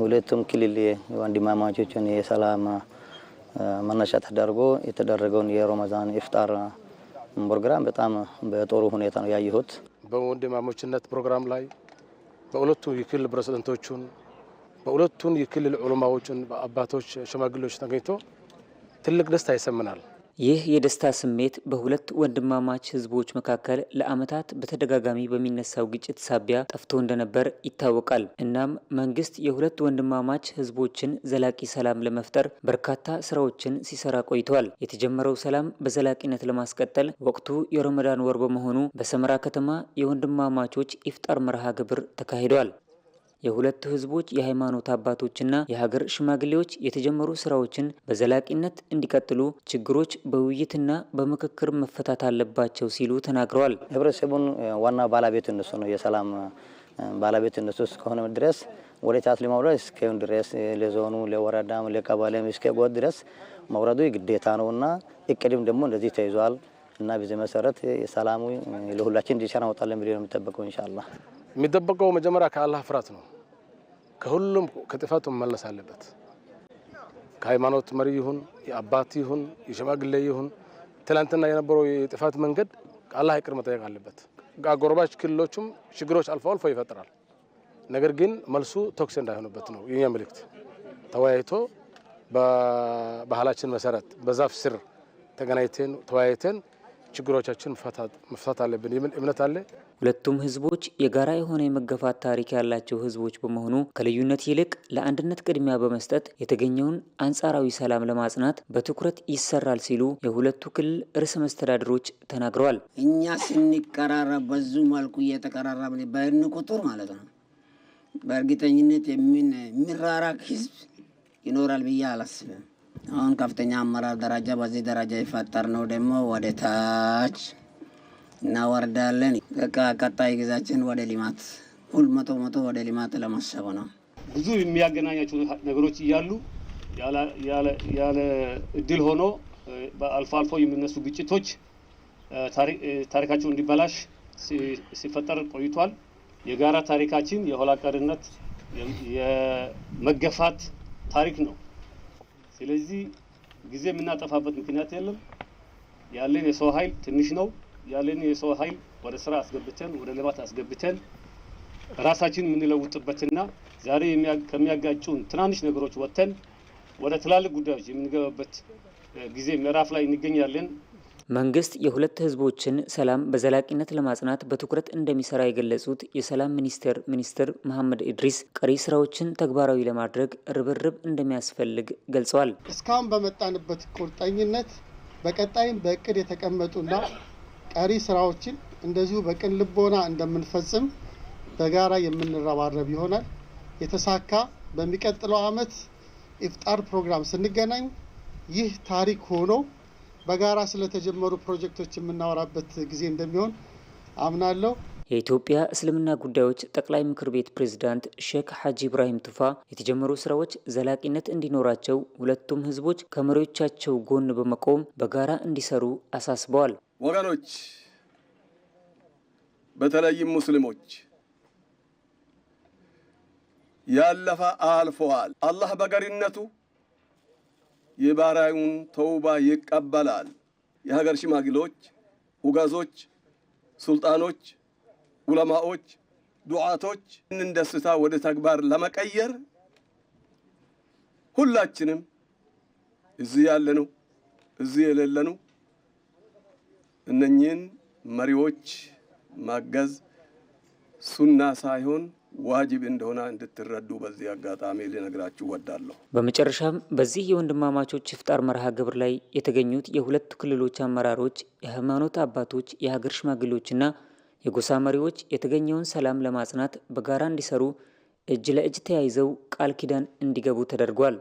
ሁለቱም ክልል ወንድማማቾችን የሰላም መነሻ ተደርጎ የተደረገውን የሮመዛን ኢፍጣር ፕሮግራም በጣም በጥሩ ሁኔታ ነው ያየሁት። በወንድማሞችነት ፕሮግራም ላይ በሁለቱ የክልል ፕሬዝዳንቶቹን በሁለቱን የክልል ዑለማዎችን፣ በአባቶች ሽማግሌዎች ተገኝቶ ትልቅ ደስታ ይሰምናል። ይህ የደስታ ስሜት በሁለት ወንድማማች ህዝቦች መካከል ለዓመታት በተደጋጋሚ በሚነሳው ግጭት ሳቢያ ጠፍቶ እንደነበር ይታወቃል። እናም መንግስት የሁለት ወንድማማች ህዝቦችን ዘላቂ ሰላም ለመፍጠር በርካታ ስራዎችን ሲሰራ ቆይተዋል። የተጀመረው ሰላም በዘላቂነት ለማስቀጠል ወቅቱ የረመዳን ወር በመሆኑ በሰመራ ከተማ የወንድማማቾች ኢፍጣር መርሃ ግብር ተካሂዷል። የሁለቱ ህዝቦች የሃይማኖት አባቶችና የሀገር ሽማግሌዎች የተጀመሩ ስራዎችን በዘላቂነት እንዲቀጥሉ ችግሮች በውይይትና በምክክር መፈታት አለባቸው ሲሉ ተናግረዋል። ህብረተሰቡን ዋና ባለቤቱ እነሱ ነው። የሰላም ባለቤት እነሱ እስከሆነ ድረስ ወደ ታች ለማውረድ እስከ ድረስ ለዞኑ፣ ለወረዳም፣ ለቀበሌም እስከ ጎጥ ድረስ መውረዱ ግዴታ ነው እና እቅድም ደግሞ እንደዚህ ተይዟል እና በዚህ መሰረት የሰላሙ ለሁላችን እንዲሰራ ወጣለን ብሎ ነው የሚጠበቀው ኢንሻአላህ። የሚጠበቀው መጀመሪያ ከአላህ ፍርሃት ነው። ከሁሉም ከጥፋቱ መመለስ አለበት። ከሃይማኖት መሪ ይሁን የአባት ይሁን የሽማግሌ ይሁን ትላንትና የነበረው የጥፋት መንገድ ከአላህ ይቅር መጠየቅ አለበት። አጎራባች ክልሎችም ችግሮች አልፎ አልፎ ይፈጥራል። ነገር ግን መልሱ ተኩስ እንዳይሆንበት ነው የኛ መልእክት። ተወያይቶ በባህላችን መሰረት በዛፍ ስር ተገናኝተን ተወያይተን ችግሮቻችን መፍታት አለብን የሚል እምነት አለ። ሁለቱም ህዝቦች የጋራ የሆነ የመገፋት ታሪክ ያላቸው ህዝቦች በመሆኑ ከልዩነት ይልቅ ለአንድነት ቅድሚያ በመስጠት የተገኘውን አንጻራዊ ሰላም ለማጽናት በትኩረት ይሰራል ሲሉ የሁለቱ ክልል ርዕሰ መስተዳድሮች ተናግረዋል። እኛ ስንቀራረብ በዙ መልኩ እየተቀራረብ በህን ቁጥር ማለት ነው በእርግጠኝነት የሚራራቅ ህዝብ ይኖራል ብዬ አላስብም። አሁን ከፍተኛ አመራር ደረጃ በዚህ ደረጃ ይፈጠር ነው ደግሞ ወደ ታች እናወርዳለን። ቀጣይ ጊዜያችን ወደ ልማት ሁል መቶ መቶ ወደ ልማት ለማሰብ ነው። ብዙ የሚያገናኛቸው ነገሮች እያሉ ያለ እድል ሆኖ አልፎ አልፎ የሚነሱ ግጭቶች ታሪካቸው እንዲበላሽ ሲፈጠር ቆይቷል። የጋራ ታሪካችን የኋላ ቀርነት የመገፋት ታሪክ ነው። ስለዚህ ጊዜ የምናጠፋበት ምክንያት የለም። ያለን የሰው ኃይል ትንሽ ነው። ያለን የሰው ኃይል ወደ ስራ አስገብተን ወደ ልማት አስገብተን ራሳችን የምንለውጥበትና ዛሬ ከሚያጋጩን ትናንሽ ነገሮች ወጥተን ወደ ትላልቅ ጉዳዮች የምንገባበት ጊዜ ምዕራፍ ላይ እንገኛለን። መንግስት የሁለት ህዝቦችን ሰላም በዘላቂነት ለማጽናት በትኩረት እንደሚሰራ የገለጹት የሰላም ሚኒስቴር ሚኒስትር መሐመድ ኢድሪስ ቀሪ ስራዎችን ተግባራዊ ለማድረግ ርብርብ እንደሚያስፈልግ ገልጸዋል። እስካሁን በመጣንበት ቁርጠኝነት በቀጣይም በእቅድ የተቀመጡና ቀሪ ስራዎችን እንደዚሁ በቅን ልቦና እንደምንፈጽም በጋራ የምንረባረብ ይሆናል። የተሳካ በሚቀጥለው ዓመት ኢፍጣር ፕሮግራም ስንገናኝ ይህ ታሪክ ሆኖ በጋራ ስለተጀመሩ ፕሮጀክቶች የምናወራበት ጊዜ እንደሚሆን አምናለሁ። የኢትዮጵያ እስልምና ጉዳዮች ጠቅላይ ምክር ቤት ፕሬዝዳንት ሼክ ሐጂ ኢብራሂም ቱፋ የተጀመሩ ስራዎች ዘላቂነት እንዲኖራቸው ሁለቱም ህዝቦች ከመሪዎቻቸው ጎን በመቆም በጋራ እንዲሰሩ አሳስበዋል። ወገኖች፣ በተለይም ሙስሊሞች ያለፈ አልፈዋል። አላህ በገሪነቱ የባራዩን ተውባ ይቀበላል። የሀገር ሽማግሌዎች፣ ሁጋዞች፣ ሱልጣኖች፣ ዑለማዎች፣ ዱዓቶች እንን ደስታ ወደ ተግባር ለመቀየር ሁላችንም እዚህ ያለኑ እዚህ የሌለነው እነኚህን መሪዎች ማገዝ ሱና ሳይሆን ዋጅብ እንደሆነ እንድትረዱ በዚህ አጋጣሚ ልነግራችሁ ወዳለሁ። በመጨረሻም በዚህ የወንድማማቾች ኢፍጣር መርሃ ግብር ላይ የተገኙት የሁለቱ ክልሎች አመራሮች፣ የሃይማኖት አባቶች፣ የሀገር ሽማግሌዎችና የጎሳ መሪዎች የተገኘውን ሰላም ለማጽናት በጋራ እንዲሰሩ እጅ ለእጅ ተያይዘው ቃል ኪዳን እንዲገቡ ተደርጓል።